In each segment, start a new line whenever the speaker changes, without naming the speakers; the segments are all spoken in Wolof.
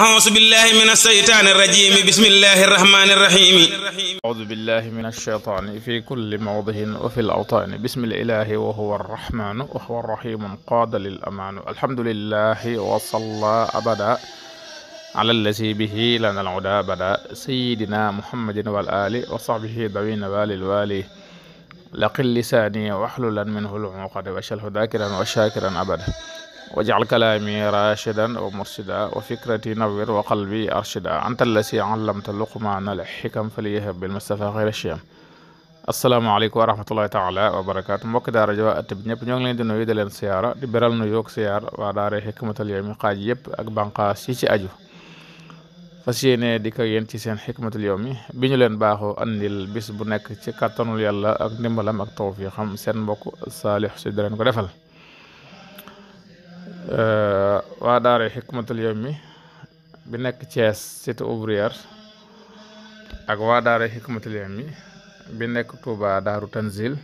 أعوذ بالله من الشيطان الرجيم بسم الله الرحمن الرحيم أعوذ بالله من الشيطان في كل موضع وفي الأوطان بسم الإله وهو الرحمن وهو الرحيم قاد للأمان الحمد لله وصلى أبدا على الذي به لنا العدا بدا سيدنا محمد والآل وصحبه ذوي النوال الوالي لقل لساني واحلل منه العقد واشله ذاكرا وشاكرا أبدا wajal kalaami rashidan wa mursida wa fikrati nawwir wa qalbi arshida anta allasi allamta luqmaana al xikam faliyahab bil mustafa xayra bi ñëpp ñoo ngi leen di nuyu di leen siyaara di beral nu yoog siyaar waa daara xikmatul yawmi xaaj yëpp ak banqa yi ci aju fas yéene di ko yéen ci seen xikmatul yawmi bi ñu leen baaxoo andil bis bu nekk ci kàttanul yàlla ak ndimbalam ak tawfiixam seen mbokk saalix si di leen ko defal Eh, waa daara xikmatul yawmi bi nekk Thiès cité ouvrière ak waa daara xikmatul yawmi bi nekk Touba daaru Tanzil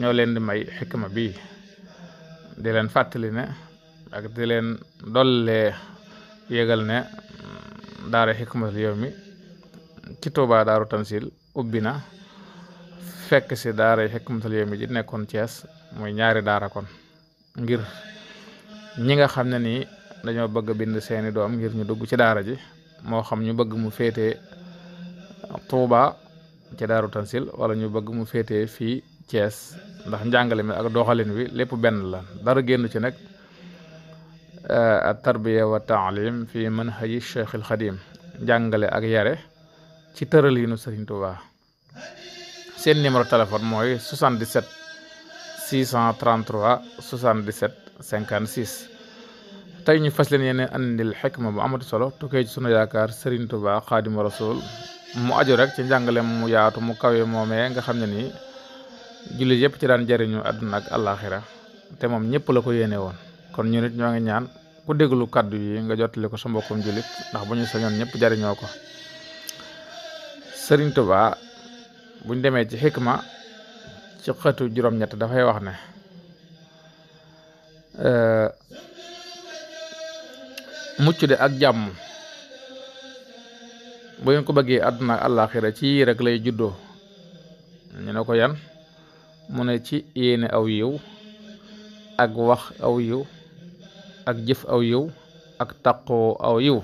ñoo leen di may xikma bi di leen fàttali ne ak di leen dollee yëgal ne mm, daara xikmatul yawmi ci Touba daaru Tanzil ubbi na fekk si daara xikmatul yawmi ji nekkoon Thiès muy ñaari daara kon ngir ñi nga xam ne nii dañoo bëgg bind seeni doom ngir ñu dugg ci daara ji moo xam ñu bëgg mu féete Touba ci daaru Tansil wala ñu bëgg mu féete fii Thiès ndax njàngale mi ak doxalin wi lépp benn la dara génn ci nag eh, at tarbiya wa taalim fi manhaji Cheikh al Xadim njàngale ak yare ci tëralinu Serigne Touba seen numéro téléphone mooy 77 633 77. 56 tey ñu fas leen yéene andil xikma bu amatu solo tukkee ci sunu yaakaar Serigne Touba Xaadimu Rasuul mu aju rek ci njàngale mu yaatu mu kawe moomee nga xam ne nii jullit yëpp ci daan jëriñu àdduna ak àllaaxira te moom ñëpp la ko yéene woon kon ñu nit ñoo ngi ñaan ku déglu kàddu yi nga jottali ko sa mbokkum jullit ndax bu ñu sañoon ñëpp jëriñoo ko Serigne Touba buñ demee ci xikma ci xeetu juróom-ñett dafay wax ne Euh, mucc de ak jàmm bu ngeen ko bëggee àdduna àllaaxira ci yii rek lay juddoo ñu ne ko yan mu ne ci yéene aw yiw ak wax aw yiw ak jëf aw yiw ak taqoo aw yiw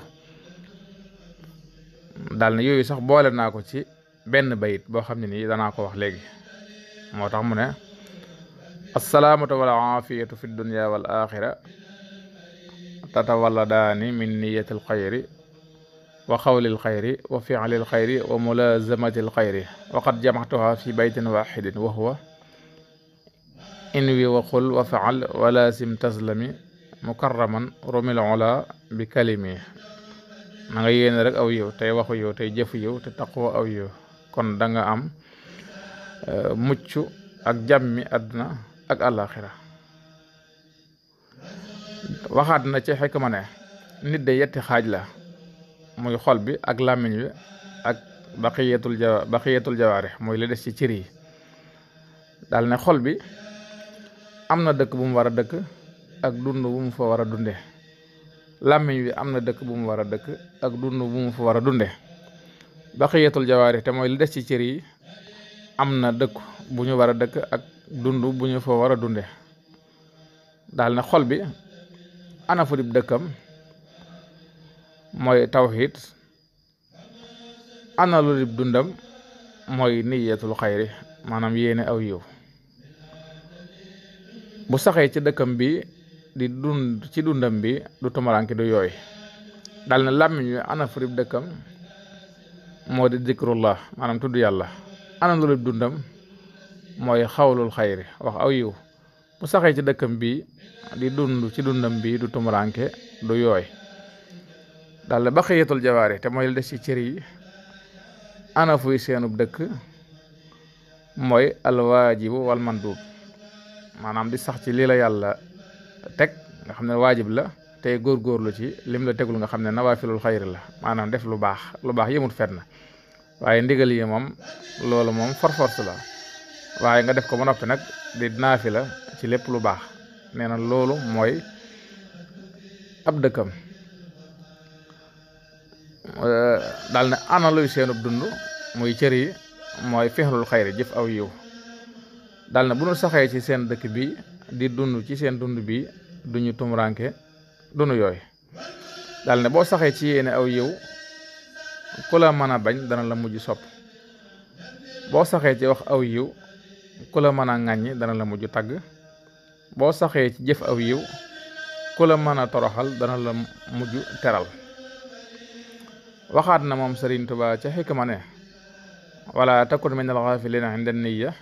daal ne yooyu sax boole naa ko ci benn bayit boo xam ne nii danaa ko wax léegi moo tax mu ne assalaamatu wal aafiyatu fi dunya wal axira tatawalladaani min niyati alxayri wa xawli alxayri wa fi'li alxayri wa mulazamati alxayri wa qad jamactuha fi baytin waxidin wa huwa inwi wa qul wa faal wa laasim taslami mukarraman rumil ula bi kalimi na nga rek aw yow tey waxu yow tey jëfu yow kon da am eh, mucc ak jàmmi àdduna ak àllaaxira waxaat na ci xekk ma ne nit de yetti xaaj la muy xol bi ak làmmiñ wi ak baqiyatul jawa baqiyatul jawaare muy li des ci cër yi dal ne xol bi am na dëkk bu mu war a dëkk ak dund bu mu fa war a dunde làmmiñ bi am na dëkk bu war a dëkk ak dund bu mu fa war a dunde baqiyatul te mooy li des ci cër yi am na dëkk bu ñu war a dëkk ak dund bu ñu fa war a dunde daal ne xol bi ana fu dib dëkkam mooy tawxiid ana lu dundam mooy niyatul xayri maanaam yéene aw yiw bu saxee ci dëkkam bi di dund ci dundam bi du tumaraanki du yooy dal na làmmiñ wi ana fu dëkkam moo di zikrullah maanaam tudd yàlla ana lu dundam mooy xawlul xayri wax aw yiw bu saxee ci dëkkam bi di dund ci dundam bii du tumuranke du yooy dal ba xëyatul yi te mooy li des ci cër yi ana fuy seenub dëkk mooy alwaajibu wal mandub maanaam di sax ci lii la yàlla teg nga xam ne waajib la tey góorgóorlu ci lim la tegul nga xam ne nawaafilul xayri la maanaam def lu baax lu baax yëmut na waaye ndigal yi moom loolu moom forforce suba waaye nga def ko ba noppi nag di la ci lépp lu baax nee na loolu mooy ab dëkkam dal ne ana seenub dund muy cër yi mooy fexlul xayri jëf aw yiw daal ne bu nu saxee ci seen dëkk bi di dund ci seen dund bi duñu tumuraanke dunu yooy daal ne boo saxee ci yéene aw yiw ku la mën a bañ dana la mujj sopp boo saxee ci wax aw yiw ku la mën a ŋàññi dana la mujj tagg boo saxee ci jëf aw yiw ku la mën a toroxal dana la mujj teral waxaat na moom Sëriñ Tuubaa ca xikma ne wala takun min alxaafilina inda niya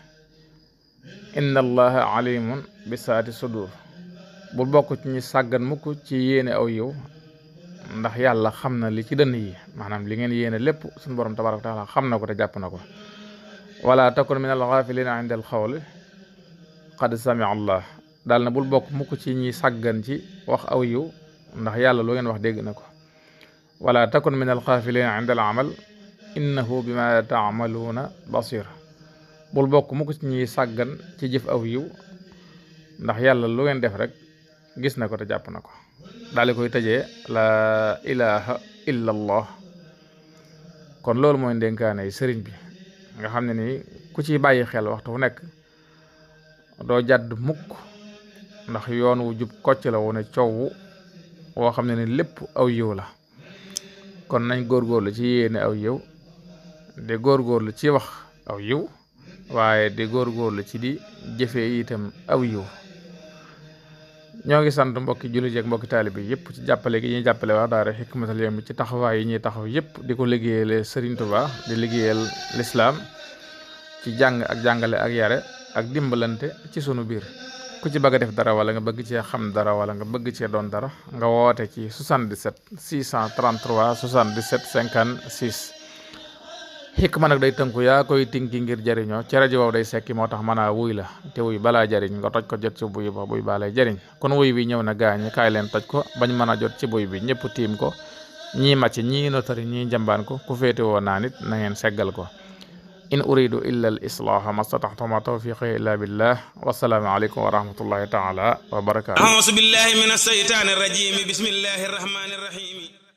inna allaha alimun bi saati sudur bul bokk ci ñu sàggan mukk ci yéene aw yiw ndax yàlla xam na li ci dënn yi maanaam li ngeen yéene lépp suñu borom tabaraka taala xam na ko te jàpp na ko wala takun min alxaafilina inda alxawli qad samia allah daal na bul bokk mukk ci ñi sàggan ci wax aw ndax yàlla loo ngeen wax dégg na ko wala takun min alxaafilina inda al amal innahu bima taamaluuna basir bul bokk mukk ci ñi sàggan ci jëf aw yiw ndax yàlla lu def rek gis na ko te jàpp na ko daal di koy illa allah kon loolu mooy ndénkaane yi sëriñ bi nga xam ne ni ku ci bàyyi xel waxtu wu nekk doo jàdd mukk ndax yoon wu jub kocc la wu ne coow woo xam ne ni lépp aw yiw la kon nañ góor góorgóorlu ci yéene aw yiw di góorgóorlu ci wax aw yiw waaye di góorgóorlu ci di jëfee itam aw yiw ñoo ngi sant mbokki jullit yi ak mbokki taalibe yëpp ci jàppale gi ñuy jàppale waa daara Hikmatul Yawmi ci taxawaay yi ñuy taxaw yëpp di ko liggéeyale Serigne Touba di liggéeyal lislaam ci jàng ak jàngale ak yare ak dimbalante ci sunu biir ku ci bëgg a def dara wala nga bëgg cee xam dara wala nga bëgg cee doon dara nga woote ci 77 633 77 56 xikma nag day tënku yaa koy tinki ngir jariñoo ci rajo wow day sekki moo tax mën a wuy la te wuy balaa jariñ nga toj ko jot ci buy ba buy baa lay jariñ kon wuy bi ñëw na gaañi kaay leen toj ko bañ mën a jot ci buy bi ñëpp tiim ko ñii màcc ñii notari ñii njambaan ko ku féete woo naa nit na ngeen seggal ko in uridu illa al islaha mastataxtu ma tawfiqi illa billah wasalaamu aleykum wa rahmatullahi taala wa barakatu ausu billahi min alseytaani